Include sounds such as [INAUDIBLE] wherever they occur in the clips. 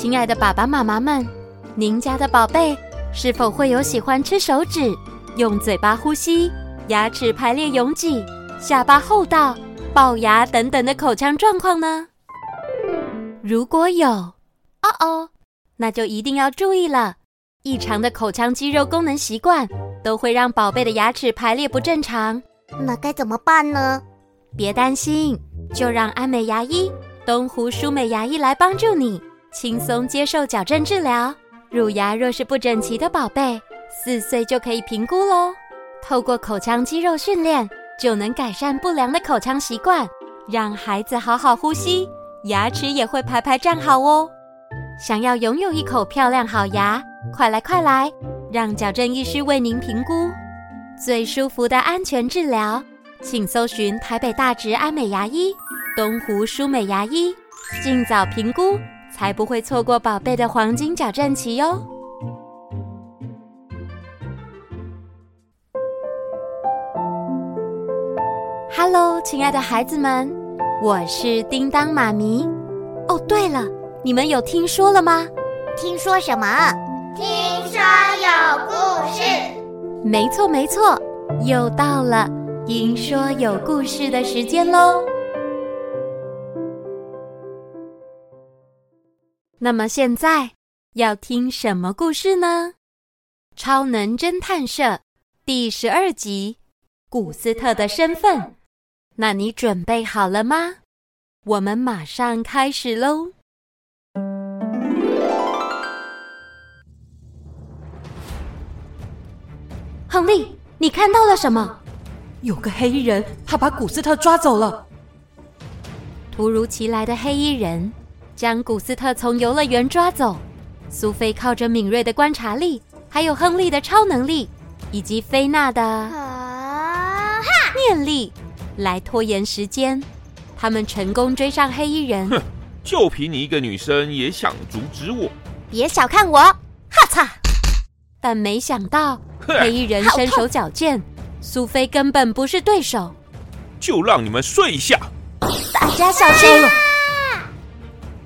親愛的爸爸媽媽們，您家的寶貝是否會有喜歡吃手指、用嘴巴呼吸、牙齒排列擁擠、下巴戽斗、龅牙等等的口腔狀況呢？如果有，哦哦，那就一定要注意了。異常的口腔肌肉功能習慣都會讓寶貝的牙齒排列不正常。那該怎麼辦呢？別擔心，就讓安美牙醫、東湖舒美牙醫來幫助你。輕鬆接受矯正治療，乳牙若是不整齊的寶貝，四歲就可以評估嘍。透過口腔肌肉訓練，就能改善不良的口腔習慣，讓孩子好好呼吸，牙齒也會排排站好哦。想要擁有一口漂亮好牙，快來快來，讓矯正醫師為您評估最舒服的安全治療。請搜尋台北大直安美牙醫、東湖舒美牙醫，儘早評估。才不會錯過寶貝的黃金矯正期喲！Hello，親愛的孩子們，我是叮當媽咪。哦、oh，對了，你們有聽說了嗎？聽說什麼？聽說有故事。沒錯沒錯，又到了聽說有故事的時間嘍。那麼現在要聽什麼故事呢？《超能偵探社》第十二集《古斯特的身份》。那你準備好了嗎？我們馬上開始嘍！亨利，你看到了什麼？有個黑衣人，他把古斯特抓走了。突如其來的黑衣人，將古斯特從遊樂園抓走，蘇菲靠着敏銳的觀察力，還有亨利的超能力，以及菲娜的啊哈、念力來拖延時間。他們成功追上黑衣人。哼，就憑你一個女生也想阻止我？別小看我！哈擦！但沒想到哼黑衣人身手矯健，痛蘇菲根本不是對手。就讓你們睡一下！大家小心！啊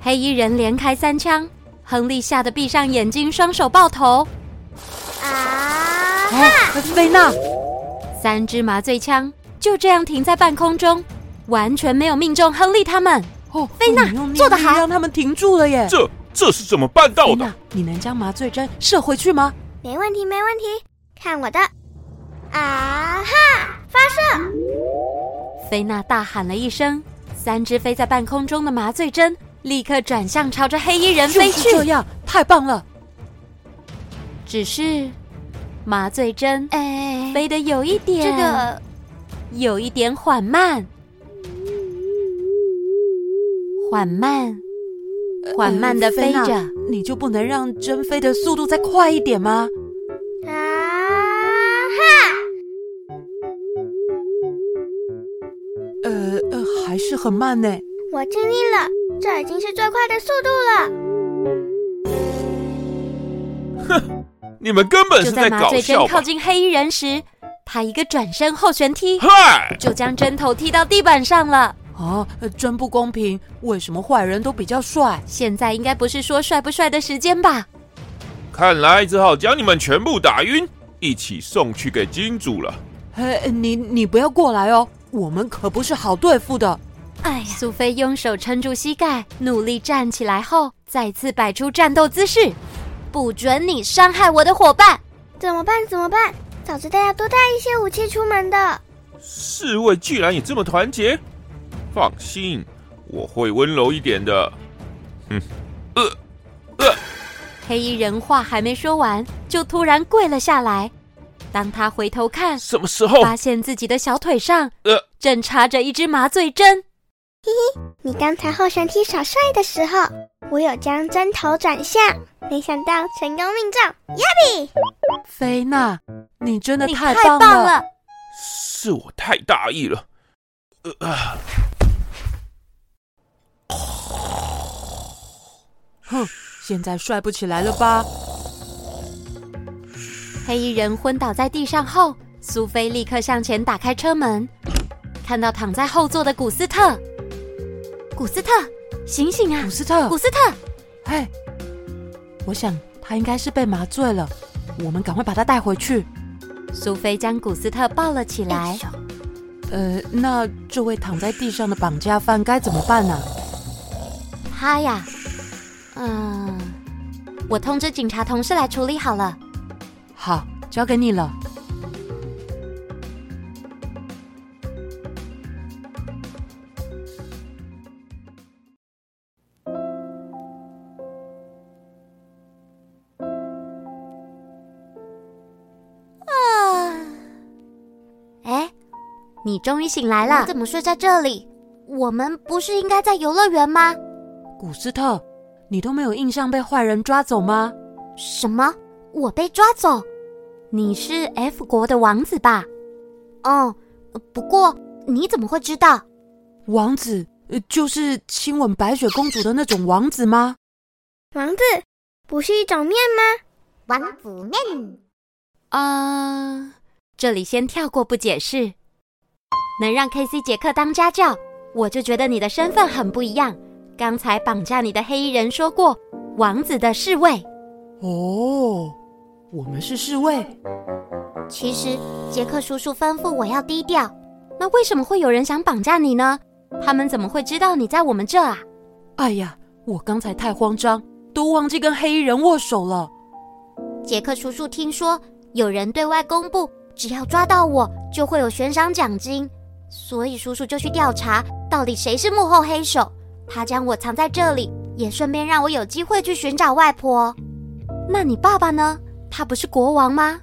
黑衣人連開三槍，亨利嚇得閉上眼睛，雙手抱頭。啊！哦、啊，菲娜，三支麻醉槍就這樣停在半空中，完全沒有命中亨利他們。哦，菲娜做得好，讓他們停住了耶！這這是怎麼辦到的？你能將麻醉針射回去嗎？沒問題，沒問題，看我的！啊哈，發射！菲娜大喊了一聲，三支飛在半空中的麻醉針。立刻轉向，朝着黑衣人飛去。這樣，太棒了。只是麻醉針、哎、飛得有一點這個有一點緩慢，緩慢、呃、緩慢的飛着。你就不能讓針飛的速度再快一點嗎？啊哈！呃呃，還是很慢呢。我盡力了。這已經是最快的速度了。哼，你們根本是在搞笑吧。就在麻醉針靠近黑衣人時，他一個轉身後旋踢，嗨，就將針頭踢到地板上了。啊，真不公平！為什麼壞人都比較帥？現在應該不是說帥不帥的時間吧？看來只好將你們全部打暈，一起送去給金主了。嘿，你你不要過來哦，我們可不是好對付的。哎呀，蘇菲用手撐住膝蓋，努力站起來後，再次擺出戰鬥姿勢。不准你傷害我的夥伴！怎麼辦？怎麼辦？早知道要多帶一些武器出門的。侍衛居然也這麼團結！放心，我會溫柔一點的。嗯，呃呃。黑衣人話還沒說完，就突然跪了下來。當他回頭看，什麼時候發現自己的小腿上，呃，正插着一支麻醉針。嘿嘿， [NOISE] 你剛才後旋踢耍帥的時候，我有將針頭轉向，沒想到成功命中。Yummy，菲娜，你真的太棒了！棒了！是我太大意了。呃啊。哼，現在帥不起來了吧？黑衣人昏倒在地上後，蘇菲立刻向前打開車門，看到躺在後座的古斯特。古斯特，醒醒啊！古斯特，古斯特，嘿。我想他應該是被麻醉了，我們趕快把他帶回去。蘇菲將古斯特抱了起來。哎、喲呃，那這位躺在地上的綁架犯該怎麼辦呢、啊？他呀，嗯、呃，我通知警察同事來處理好了。好，交給你了。你終於醒來了！你怎麼睡在這裡？我們不是應該在遊樂園嗎？古斯特，你都沒有印象被壞人抓走嗎？什麼？我被抓走？你是 F 國的王子吧？哦，不過你怎麼會知道？王子，就是親吻白雪公主的那種王子嗎？王子不是一種面嗎？王子面。啊、呃，這裡先跳過不解釋。能讓 K.C. 傑克當家教，我就覺得你的身份很不一樣。剛才綁架你的黑衣人說過，王子的侍衛。哦，我們是侍衛。其實，傑克叔叔吩咐我要低調。啊，那為什麼會有人想綁架你呢？他們怎麼會知道你在我們這兒啊？哎呀，我剛才太慌張，都忘記跟黑衣人握手了。傑克叔叔聽說有人對外公布，只要抓到我，就會有懸賞獎金。所以叔叔就去調查到底誰是幕後黑手，他將我藏在這裡，也順便讓我有機會去尋找外婆。那你爸爸呢？他不是國王嗎？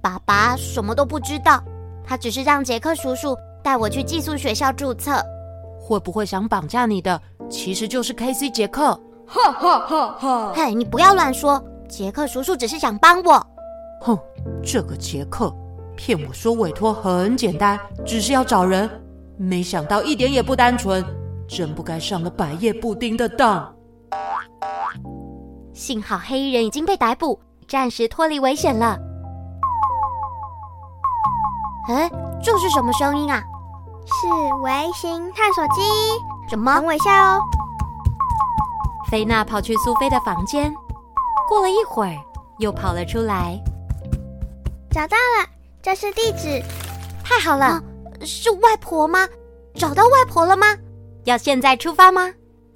爸爸什麼都不知道，他只是讓杰克叔叔帶我去寄宿學校注冊。會不會想綁架你的，其實就是 KC 杰克？哈哈哈哈嘿，你不要亂說，杰克叔叔只是想幫我。哼，這個杰克。騙我說委託很簡單，只是要找人，沒想到一點也不單純，真不該上了百葉布丁的當。幸好黑衣人已經被逮捕，暫時脫離危險了。哎、嗯，這是什麼聲音啊？是微型探索機？怎麼？等我一下哦。菲娜跑去蘇菲的房間，過了一會兒，又跑了出來，找到了。這是地址，太好了。啊，是外婆嗎？找到外婆了嗎？要現在出發嗎？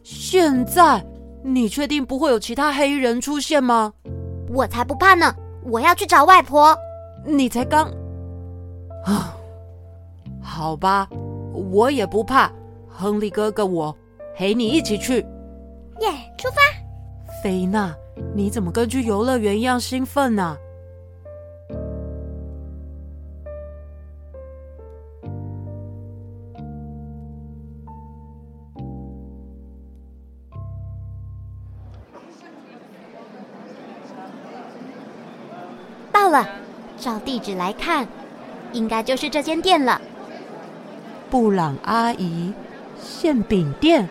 現在？你確定不會有其他黑衣人出現嗎？我才不怕呢，我要去找外婆。你才剛……啊，好吧，我也不怕。亨利哥哥我，我陪你一起去。耶，出發！菲娜，你怎麼跟去遊樂園一樣興奮呢、啊？照地址來看，應該就是這間店了。布朗阿姨，餡餅店。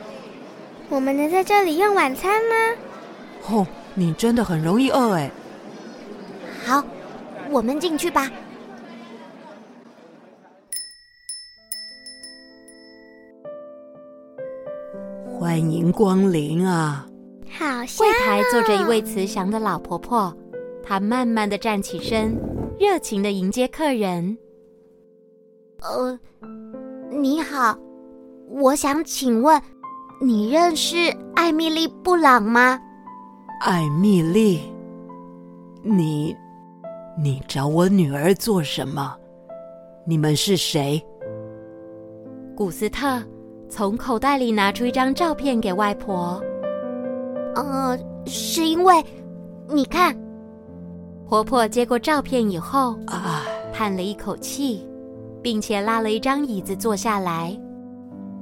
我們能在這裡用晚餐嗎？哦，你真的很容易餓哎。好，我們進去吧。歡迎光臨啊！好像、哦，櫃檯坐着一位慈祥的老婆婆，她慢慢地站起身。熱情的迎接客人。呃，你好，我想請問，你認識艾米麗·布朗嗎？艾米麗，你，你找我女兒做什麼？你們是誰？古斯特從口袋裡拿出一張照片給外婆。呃，是因為，你看。婆婆接過照片以後，啊，嘆了一口氣，並且拉了一張椅子坐下來。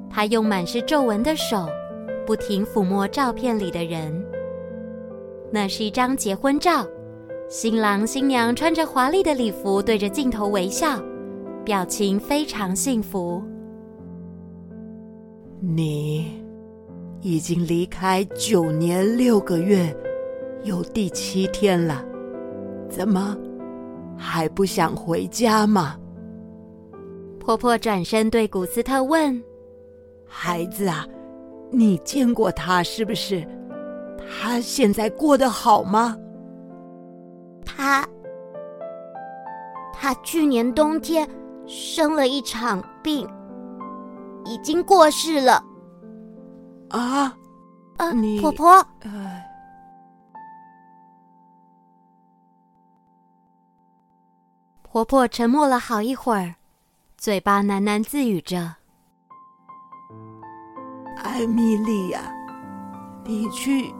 她用滿是皺紋的手，不停撫摸照片裡的人。那是一張結婚照，新郎新娘穿着華麗的禮服，對着鏡頭微笑，表情非常幸福。你已經離開九年六個月有第七天了。怎麼還不想回家嗎？婆婆轉身對古斯特問：“孩子啊，你見過他是不是？他現在過得好嗎？”他他去年冬天生了一場病，已經過世了。啊啊！啊你婆婆。呃婆婆沉默了好一會兒，嘴巴喃喃自語着：“艾米莉亞，你去，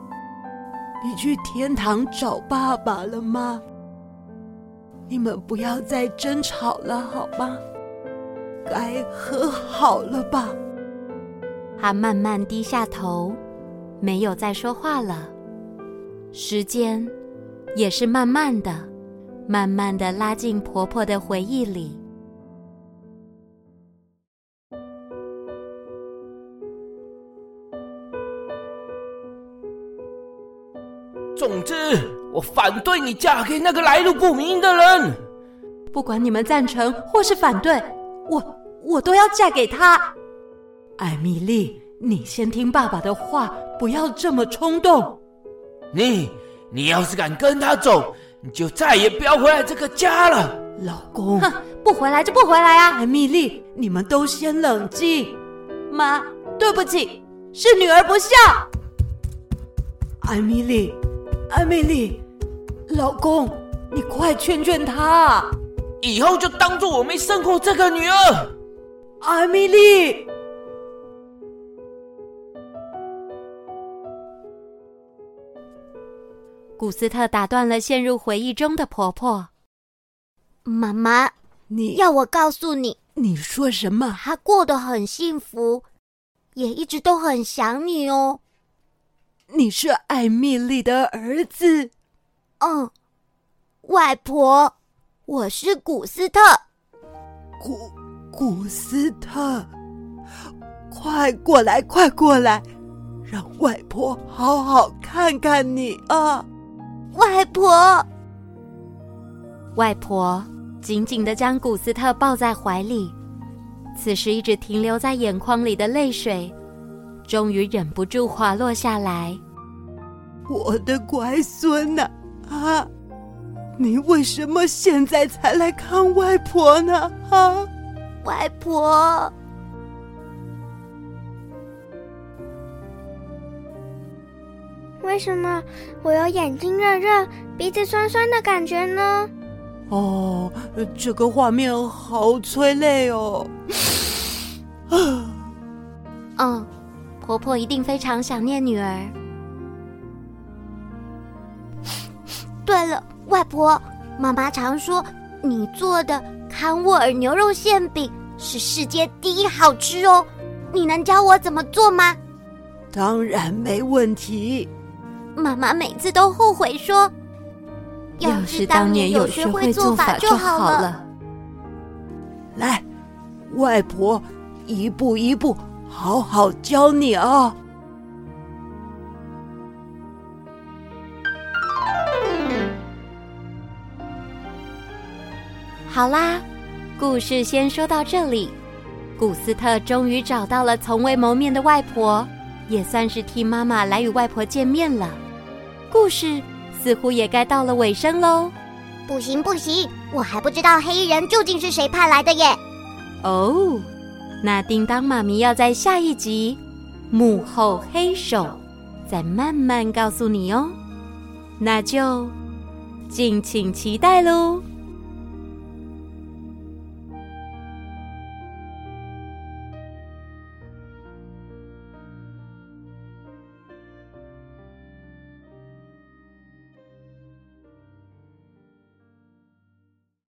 你去天堂找爸爸了嗎？你們不要再爭吵了，好嗎？該和好了吧。”他慢慢低下頭，沒有再說話了。時間也是慢慢的。慢慢的拉近婆婆的回憶裡。總之，我反對你嫁給那個來路不明的人。不管你們贊成或是反對，我我都要嫁給他。艾米麗，你先聽爸爸的話，不要這麼衝動。你你要是敢跟他走。你就再也不要回來這個家了，老公。哼，不回來就不回來啊！艾米麗，你們都先冷靜。媽，對不起，是女兒不孝。艾米麗，艾米麗，老公，你快勸勸她，以後就當做我沒生過這個女兒。艾米麗。古斯特打斷了陷入回憶中的婆婆。媽媽，你要我告訴你？你說什麼？她過得很幸福，也一直都很想你哦。你是艾米麗的兒子？嗯、哦，外婆，我是古斯特。古古斯特，快過來，快過來，讓外婆好好看看你啊！外婆，外婆緊緊地將古斯特抱在懷裡，此時一直停留在眼眶裡的淚水，終於忍不住滑落下來。我的乖孫吶，啊，啊，你為什麼現在才來看外婆呢？啊，外婆。為什麼我有眼睛熱熱、鼻子酸酸的感覺呢？哦，這個畫面好催淚哦！嗯、 [LAUGHS] 哦，婆婆一定非常想念女兒。 [LAUGHS] 對了，外婆，媽媽常說你做的康沃爾牛肉餡餅是世界第一好吃哦，你能教我怎麼做嗎？當然沒問題。媽媽每次都後悔說：“要是當年有學會做法就好了。好了”來，外婆，一步一步，好好教你啊！嗯、好啦，故事先說到這裡。古斯特終於找到了從未謀面的外婆，也算是替媽媽來與外婆見面了。故事似乎也該到了尾聲嘍，不行不行，我還不知道黑衣人究竟是誰派來的耶。哦，oh, 那叮噹媽咪要在下一集幕後黑手再慢慢告訴你哦，那就敬請期待嘍。